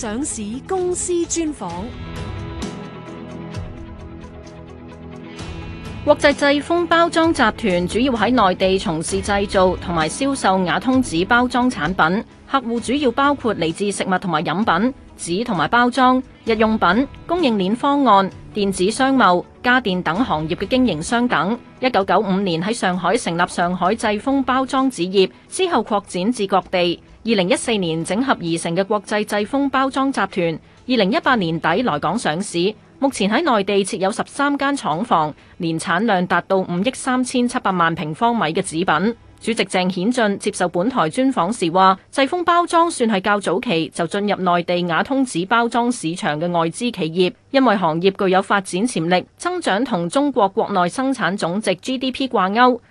上市公司專訪：國際濟豐包裝集團主要喺內地從事製造同埋銷售瓦楞紙包裝產品，客戶主要包括嚟自食物同埋飲品、紙同埋包裝、日用品、供應鏈方案、電子商貿。家電等行業嘅經營商等，一九九五年喺上海成立上海濟豐包裝紙業，之後擴展至各地。二零一四年整合而成嘅國際濟豐包裝集團，二零一八年底來港上市。目前喺內地設有十三間廠房，年產量達到五億三千七百萬平方米嘅紙品。主席鄭顯俊接受本台專訪時話，濟豐包裝算係較早期就進入內地瓦通紙包裝市場嘅外資企業，因為行業具有發展潛力，增長同中國國內生產總值 GDP 掛鈎。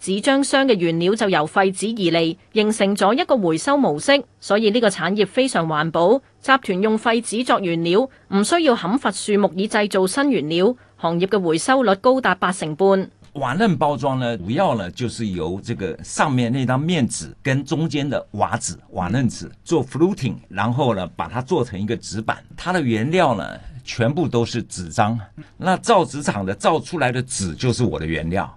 紙張箱嘅原料就由廢紙而嚟，形成咗一個回收模式，所以呢個產業非常環保。集團用廢紙作原料，唔需要砍伐樹木以製造新原料。行業嘅回收率高達八成半。瓦楞包裝呢，主要呢就是由這個上面那張面紙跟中間的瓦紙、瓦楞紙做 fluting，然後呢把它做成一個紙板。它的原料呢全部都是紙張，那造紙廠的造出來的紙就是我的原料。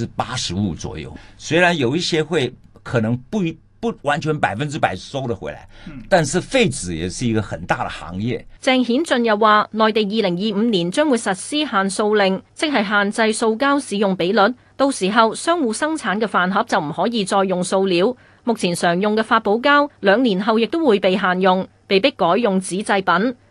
八十五左右，雖然有一些會可能不不完全百分之百收得回來，但是廢紙也是一個很大的行業。鄭顯俊又話，內地二零二五年將會實施限塑令，即係限制塑膠使用比率。到時候商戶生產嘅飯盒就唔可以再用塑料。目前常用嘅發泡膠兩年後亦都會被限用，被逼改用紙製品。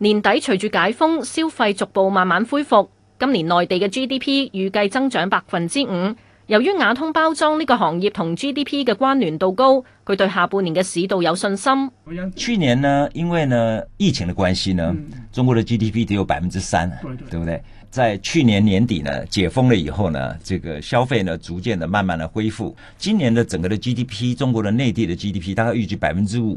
年底隨住解封，消費逐步慢慢恢復。今年內地嘅 GDP 預計增長百分之五。由於瓦通包裝呢個行業同 GDP 嘅關聯度高，佢對下半年嘅市道有信心。去年呢，因為呢疫情嘅關係呢，中國嘅 GDP 只有百分之三，對唔對？在去年年底呢解封了以後呢，這個消費呢逐漸的慢慢的恢復。今年的整個的 GDP，中國的內地的 GDP 大概預計百分之五。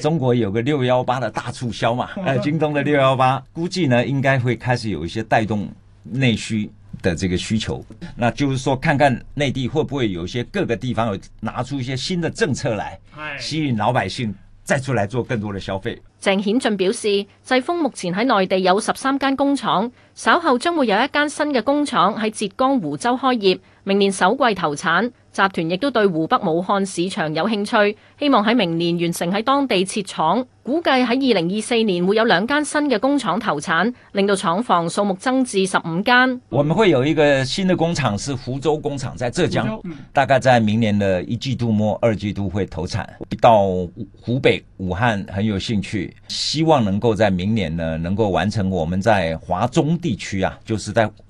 中國有個六幺八的大促銷嘛，誒，京東的六幺八估計呢應該會開始有一些帶動內需的這個需求，那就是說看看內地會不會有一些各個地方有拿出一些新的政策來吸引老百姓再出來做更多的消費。鄭顯俊表示，濟豐目前喺內地有十三間工廠，稍後將會有一間新嘅工廠喺浙江湖州開業，明年首季投產。集團亦都對湖北武漢市場有興趣，希望喺明年完成喺當地設廠，估計喺二零二四年會有兩間新嘅工廠投產，令到廠房數目增至十五間。我們會有一個新的工廠，是湖州工廠，在浙江，大概在明年的一季度末、二季度會投產。到湖北武漢很有興趣，希望能夠在明年呢能夠完成我們在華中地區啊，就是在。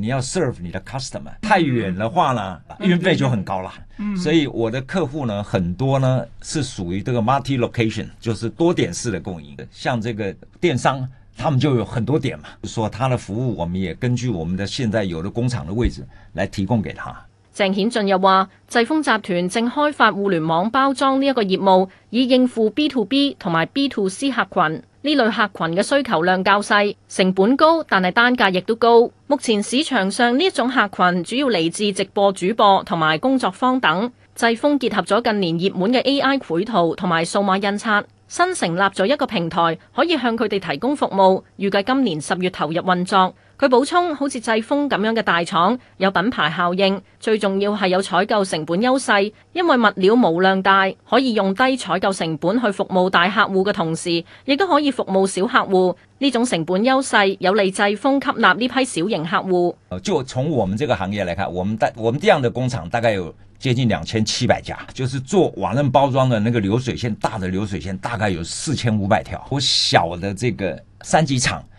你要 serve 你的 customer，太遠的話呢，運、嗯、費就很高啦、嗯。所以我的客戶呢，很多呢是屬於這個 multi location，就是多點式的供應。像這個電商，他們就有很多點嘛，說他的服務，我們也根據我們的現在有的工廠的位置來提供給他。鄭顯俊又話，濟豐集團正開發互聯網包裝呢一個業務，以應付 B to B 同埋 B to C 客群。呢類客群嘅需求量較細，成本高，但係單價亦都高。目前市場上呢一種客群主要嚟自直播主播同埋工作坊等。濟豐結合咗近年熱門嘅 AI 繪圖同埋數碼印刷，新成立咗一個平台，可以向佢哋提供服務，預計今年十月投入運作。佢補充，好似濟豐咁樣嘅大廠，有品牌效應，最重要係有採購成本優勢，因為物料無量大，可以用低採購成本去服務大客戶嘅同時，亦都可以服務小客戶。呢種成本優勢有利濟豐吸納呢批小型客戶。就從我們這個行業來看，我們我們這樣的工廠大概有接近兩千七百家，就是做瓦楞包裝嘅那個流水線，大的流水線大概有四千五百條，我小的這個三級廠。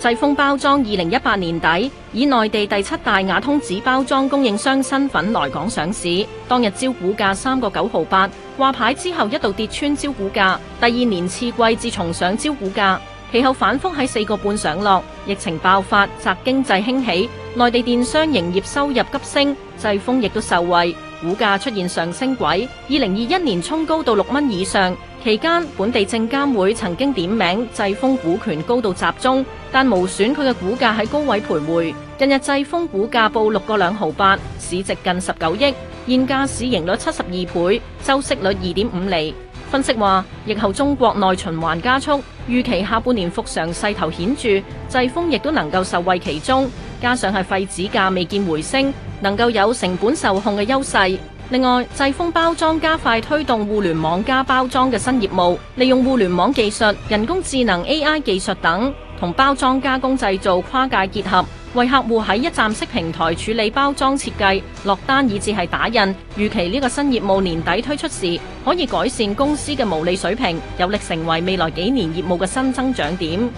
濟豐包裝二零一八年底以內地第七大瓦楞紙包裝供應商身份來港上市，當日招股價三個九毫八，掛牌之後一度跌穿招股價，第二年次季至重上招股價，其後反覆喺四個半上落。疫情爆發，宅經濟興起，內地電商營業收入急升，濟豐亦都受惠，股價出現上升軌，二零二一年沖高到六蚊以上。期間，本地證監會曾經點名濟豐股權高度集中，但無損佢嘅股價喺高位徘徊。近日濟豐股價報六個兩毫八，市值近十九億，現價市盈率七十二倍，周息率二點五厘。分析話，疫後中國內循環加速，預期下半年復常勢頭顯著，濟豐亦都能夠受惠其中。加上係廢紙價未見回升，能夠有成本受控嘅優勢。另外，濟豐包裝加快推動互聯網加包裝嘅新業務，利用互聯網技術、人工智能 AI 技術等，同包裝加工製造跨界結合，為客戶喺一站式平台處理包裝設計、落單以至係打印。預期呢個新業務年底推出時，可以改善公司嘅毛利水平，有力成為未來幾年業務嘅新增長點。